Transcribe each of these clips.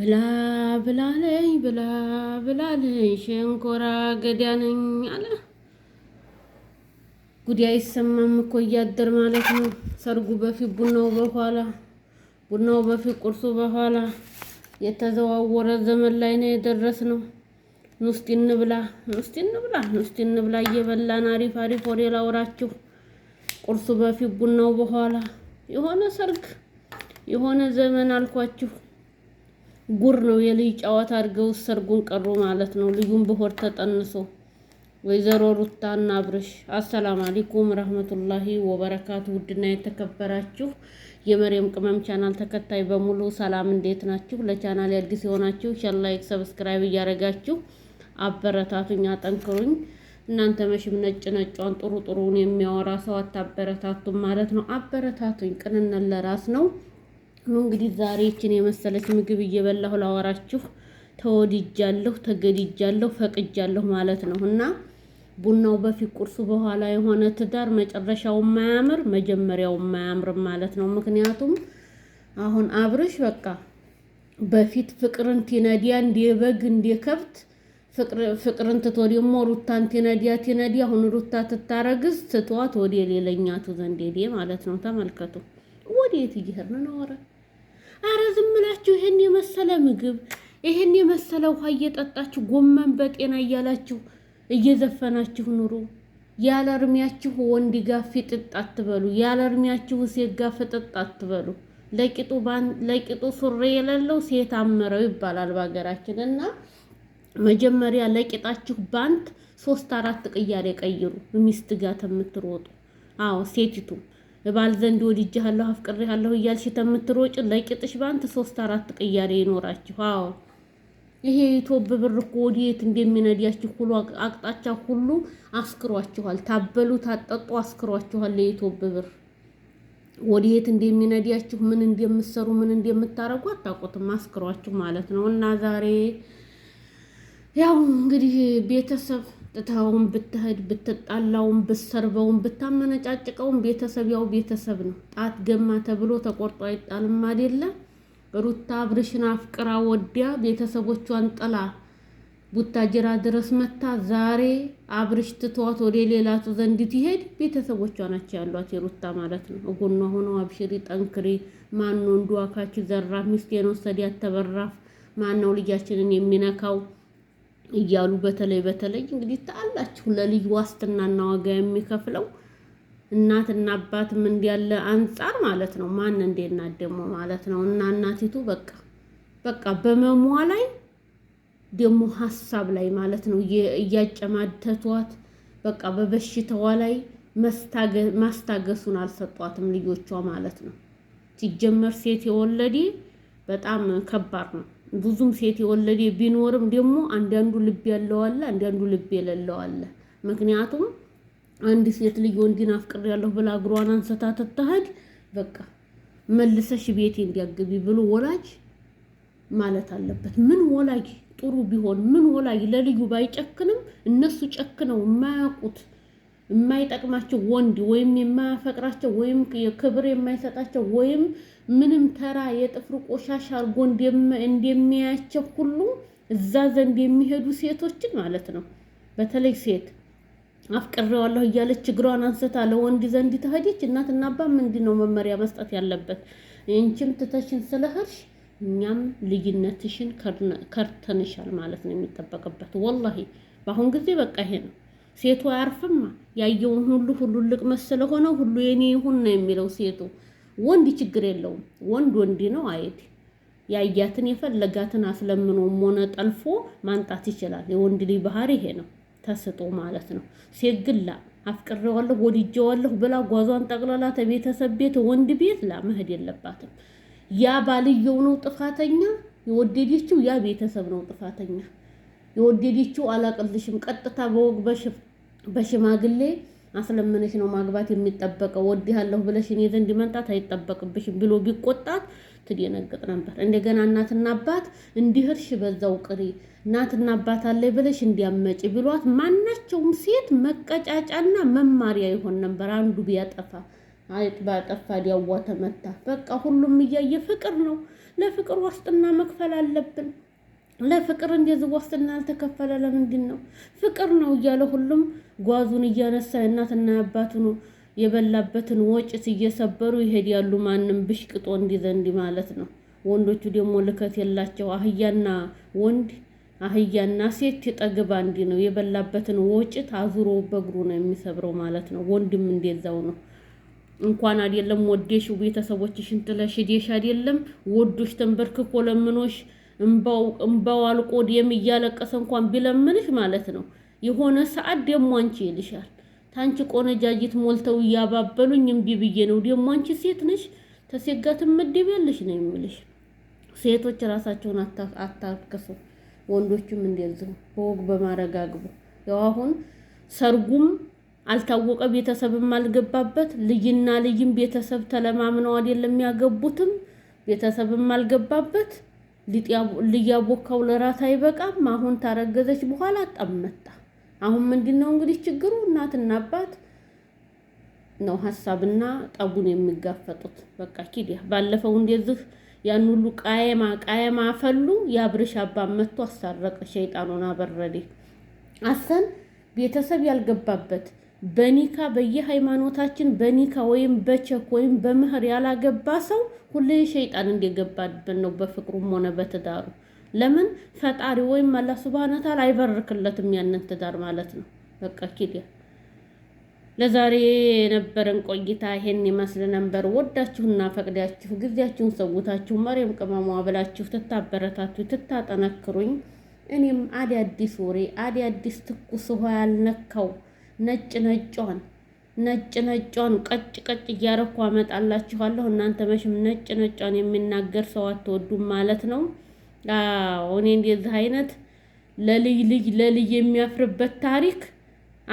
ብላ ብላለኝ ብላ ብላለኝ ሸንኮራ ገዳ ነኝ አለ። ጉድ አይሰማም እኮ እያደር ማለት ነው። ሰርጉ በፊት ቡናው በኋላ ቡናው በፊት ቁርሱ በኋላ የተዘዋወረ ዘመን ላይ ነው የደረስ ነው። ንስቲ እንብላ ንስቲ እንብላ ንስቲ እንብላ እየበላን አሪፍ አሪፍ ወሬ ላውራችሁ። ቁርሱ በፊት ቡናው በኋላ የሆነ ሰርግ የሆነ ዘመን አልኳችሁ። ጉር ነው የልጅ ጨዋታ አድርገው ሰርጉን ቀሩ ማለት ነው። ልዩም ብሆር ተጠንሶ ወይዘሮ እና አብርሽ አሰላም አለይኩም ረህመቱላሂ ወበረካቱ። ውድና የተከበራችሁ የመሪም ቅመም ቻናል ተከታይ በሙሉ ሰላም፣ እንዴት ናችሁ? ለቻናል ያድግስ የሆናችሁ ላይክ ሰብስክራይብ እያደረጋችሁ አበረታቱኝ፣ አጠንክሩኝ። እናንተ መሽም ነጭ ነጯን ጥሩ ጥሩውን የሚያወራ ሰው አታበረታቱም ማለት ነው። አበረታቱኝ፣ ቅንነት ለራስ ነው። እንግዲህ ዛሬ ይችን የመሰለች ምግብ እየበላሁ ላወራችሁ ተወድጃለሁ፣ ተገድጃለሁ፣ ፈቅጃለሁ ማለት ነው እና ቡናው በፊት ቁርሱ በኋላ የሆነ ትዳር መጨረሻው ማያምር መጀመሪያው ማያምር ማለት ነው። ምክንያቱም አሁን አብርሽ በቃ በፊት ፍቅርን ቲነዲያ እንዴ በግ እንዴ ከብት ፍቅርን ትቶ ደግሞ ሩታን ቲነዲያ ቲነዲያ አሁን ሩታ ትታረግዝ ትቷት ወደ ሌለኛቱ ዘንድ ሄደ ማለት ነው። ተመልከቱ ወዴት እየሄድን ነው? አረ ዝም ብላችሁ ይሄን የመሰለ ምግብ ይሄን የመሰለ ውሃ እየጠጣችሁ ጎመን በጤና እያላችሁ እየዘፈናችሁ ኑሩ። ያለ ወንድ ጋ ፊጥጥ አትበሉ። ያለ ሴት ጋ ፍጥጥ አትበሉ። ለቂጡ ባን ለቂጡ ሱሪ የሌለው ሴት አመረው ይባላል በሀገራችን እና መጀመሪያ ለቂጣችሁ ባንት ሶስት አራት ቅያሬ ቀይሩ። ሚስት ጋር ተምትሮጡ። አዎ ሴቲቱ ባል ዘንድ ወድጄሃለሁ አፍቅሬሃለሁ እያልሽ ተምትሮጭ ለቂጥሽ ባንት ሶስት አራት ቅያሬ ይኖራችሁ። አዎ ይሄ ቶብ ብር እኮ ወዴት እንደሚነዳችሁ ሁሉ አቅጣጫ ሁሉ አስክሯችኋል። ታበሉ ታጠጡ አስክሯችኋል። የቶብ ብር ወዴት እንደሚነዳችሁ ምን እንደምትሰሩ ምን እንደምታረጉ አታውቁትም። አስክሯችሁ ማለት ነው እና ዛሬ ያው እንግዲህ ቤተሰብ ጥታውን ብትሄድ ብትጣላውን ብትሰርበውን ብታመነጫጭቀውን ቤተሰብ ያው ቤተሰብ ነው። ጣት ገማ ተብሎ ተቆርጦ አይጣልም አይደለ? ሩታ አብርሽን አፍቅራ ወዲያ ቤተሰቦቿን ጥላ ቡታጅራ ድረስ መታ። ዛሬ አብርሽ ትቷት ወደ ሌላ ሰው ዘንድ ትሄድ፣ ቤተሰቦቿ ናቸው ያሏት የሩታ ማለት ነው። እጎኗ ሆነው አብሽሪ ጠንክሪ፣ ማን እንዱ አካች ዘራፍ፣ ሚስቴን ወሰድ ያተበራፍ፣ ማን ነው ልጃችንን የሚነካው እያሉ በተለይ በተለይ እንግዲህ ታላችሁ ለልጅ ዋስትናና ዋጋ የሚከፍለው እናትና አባትም ያለ አንጻር ማለት ነው። ማን እንደና ደግሞ ማለት ነው። እና እናቲቱ በቃ በቃ በመሟ ላይ ደግሞ ሀሳብ ላይ ማለት ነው እያጨማተቷት በቃ በበሽታዋ ላይ ማስታገሱን አልሰጧትም ልጆቿ ማለት ነው። ሲጀመር ሴት የወለዴ በጣም ከባድ ነው። ብዙም ሴት የወለደ ቢኖርም ደግሞ አንዳንዱ ልብ ያለው አለ፣ አንዳንዱ ልብ የሌለው አለ። ምክንያቱም አንድ ሴት ልጅ ወንድን አፍቅሬያለሁ ብላ እግሯን አንስታ ትታህድ በቃ መልሰሽ ቤቴ እንዲያገቢ ብሎ ወላጅ ማለት አለበት። ምን ወላጅ ጥሩ ቢሆን ምን ወላጅ ለልዩ ባይጨክንም እነሱ ጨክነው የማያውቁት የማይጠቅማቸው ወንድ ወይም የማያፈቅራቸው ወይም ክብር የማይሰጣቸው ወይም ምንም ተራ የጥፍር ቆሻሻ አድርጎ እንደሚያያቸው ሁሉ እዛ ዘንድ የሚሄዱ ሴቶችን ማለት ነው። በተለይ ሴት አፍቅሬዋለሁ እያለች እግሯን አንስታ ለወንድ ዘንድ ተሄደች። እናትና አባ ምንድን ነው መመሪያ መስጠት ያለበት? እንቺም ትተሽን ስለሄድሽ እኛም ልዩነትሽን ከርተንሻል ማለት ነው የሚጠበቅበት። ወላሂ በአሁን ጊዜ በቃ ይሄ ነው። ሴቱ አያርፍማ። ያየውን ሁሉ ሁሉ ልቅመስ ስለሆነ ሁሉ የኔ ይሁን ነው የሚለው ሴቱ ወንድ ችግር የለውም። ወንድ ወንድ ነው አይድ ያያትን የፈለጋትን አስለምኖም ሆነ ጠልፎ ማንጣት ይችላል። የወንድ ልጅ ባህሪ ይሄ ነው፣ ተስጦ ማለት ነው። ሴት ግን ላ አፍቅሬዋለሁ ወድጄዋለሁ ብላ ጓዟን ጠቅላላ ተቤተሰብ ቤት ወንድ ቤት ላ መሄድ የለባትም። ያ ባልየው ነው ጥፋተኛ፣ የወደደችው ያ ቤተሰብ ነው ጥፋተኛ። የወደደችው አላቅልሽም ቀጥታ በወግ በሽማግሌ አስለምነሽ ነው ማግባት የሚጠበቀው ወድሃለሁ ብለሽ እኔ ዘንድ መምጣት አይጠበቅብሽም ብሎ ቢቆጣት ትደነግጥ ነበር። እንደገና እናትና አባት እንዲህርሽ በዛው ቅሪ እናትና አባት አለ ብለሽ እንዲያመጪ ብሏት ማናቸውም ሴት መቀጫጫና መማሪያ ይሆን ነበር። አንዱ ቢያጠፋ አይጥ ባጠፋ ዲያዋ ተመታ። በቃ ሁሉም እያየ ፍቅር ነው። ለፍቅር ዋስትና መክፈል አለብን። ለፍቅር እንደዚህ ዋስትና ያልተከፈለ ለምንድን ነው? ፍቅር ነው እያለ ሁሉም ጓዙን እያነሳ እናትና አባቱ የበላበትን ወጭት እየሰበሩ ይሄዳሉ። ማንም ብሽቅጦ እንዲህ ማለት ነው። ወንዶቹ ደግሞ ልከት የላቸው አህያና ወንድ አህያና ሴት የጠግባ እንዲህ ነው የበላበትን ወጭት አዙሮ በእግሩ ነው የሚሰብረው ማለት ነው። ወንድም እንደዛው ነው። እንኳን አይደለም ወዴሽ ቤተሰቦችሽን ጥለሽ ሄደሽ አይደለም ወዶሽ ተንበርክኮ ለምኖሽ እምባው አልቆ ደም እያለቀሰ እንኳን ቢለምንሽ ማለት ነው የሆነ ሰዓት ደሞ አንቺ ይልሻል። ታንቺ ቆነጃጅት ሞልተው እያባበሉኝ እምቢ ብዬ ነው። ደሞ አንቺ ሴት ነሽ፣ ተሴት ጋር ትመደቢያለሽ ነው የሚልሽ። ሴቶች ራሳቸውን አታክሱ፣ ወንዶችም እንደዚሁ በወግ በማድረግ አግቡ። ያው አሁን ሰርጉም አልታወቀ ቤተሰብም አልገባበት ልጅና ልጅም ቤተሰብ ተለማምነው አይደለም ያገቡትም ቤተሰብም አልገባበት ልያቦካው ለራስ አይበቃም። አሁን ታረገዘች በኋላ ጠብ መጣ። አሁን ምንድን ነው እንግዲህ ችግሩ? እናትና አባት ነው ሀሳብና ጠቡን የሚጋፈጡት። በቃ ኪድ ባለፈው እንደዚህ ያን ሁሉ ቃየማ ቃየማ አፈሉ። የአብርሽ አባት መጥቶ አሳረቀ። ሸይጣኑን አበረዴ አሰን ቤተሰብ ያልገባበት በኒካ በየሃይማኖታችን በኒካ ወይም በቸክ ወይም በምህር ያላገባ ሰው ሁሌ ሸይጣን እንደገባብን ነው። በፍቅሩም ሆነ በትዳሩ ለምን ፈጣሪ ወይም አላህ ሱብሃነሁ ወተዓላ አይበርክለትም ያንን ትዳር ማለት ነው። በቃ ኪዲያ ለዛሬ የነበረን ቆይታ ይሄን ይመስል ነበር። ወዳችሁና ፈቅዳችሁ ጊዜያችሁን ሰውታችሁ መሬም ቅመሟ ብላችሁ ትታበረታችሁ ትታጠነክሩኝ እኔም አዲ አዲስ ወሬ አዲ አዲስ ትኩስ ውሃ ያልነካው ነጭ ነጯን ነጭ ነጯን ቀጭ ቀጭ እያረኩ አመጣላችኋለሁ። እናንተ መቼም ነጭ ነጯን የሚናገር ሰው አትወዱም ማለት ነው። አዎ እኔ እንደዚህ አይነት ለልይ ልጅ ለልይ የሚያፍርበት ታሪክ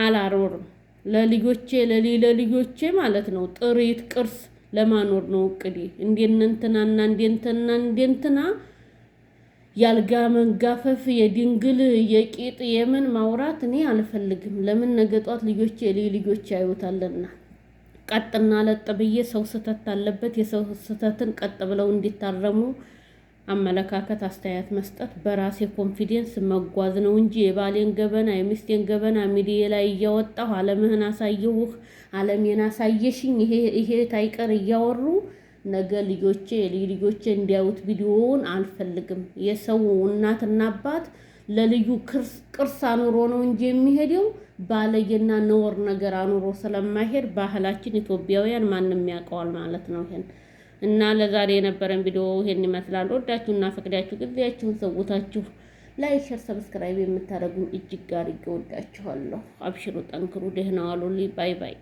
አላኖርም። ለልጆቼ ለልይ ለልጆቼ ማለት ነው ጥሪት ቅርስ ለማኖር ነው እቅዴ። እንደንትና እና እንደንትና እንደንትና የአልጋ መንጋፈፍ የድንግል የቂጥ የምን ማውራት እኔ አልፈልግም። ለምን ነገጧት ልጆች የልዩ ልጆች ያዩታልና ቀጥና ለጥ ብዬ ሰው ስህተት አለበት የሰው ስህተትን ቀጥ ብለው እንዲታረሙ አመለካከት አስተያየት መስጠት በራሴ ኮንፊደንስ መጓዝ ነው እንጂ የባሌን ገበና የሚስቴን ገበና ሚዲያ ላይ እያወጣሁ አለምህን አሳየሁህ አለሜን አሳየሽኝ ይሄ ታይቀር እያወሩ ነገ ልጆቼ ልጆቼ እንዲያዩት ቪዲዮውን አልፈልግም። የሰው እናትና አባት ለልዩ ቅርስ አኑሮ ነው እንጂ የሚሄደው ባለየና ኖር ነገር አኑሮ ስለማይሄድ ባህላችን ኢትዮጵያውያን ማንም ያውቀዋል ማለት ነው። ይሄን እና ለዛሬ የነበረን ቪዲዮ ይሄን ይመስላል። ወዳችሁና ፈቅዳችሁ ጊዜያችሁን ሰውታችሁ ላይክ፣ ሼር፣ ሰብስክራይብ የምታደርጉን እጅግ ጋር ይወዳችኋለሁ። አብሽሩ፣ ጠንክሩ፣ ደህና ዋሉልኝ። ባይ ባይ።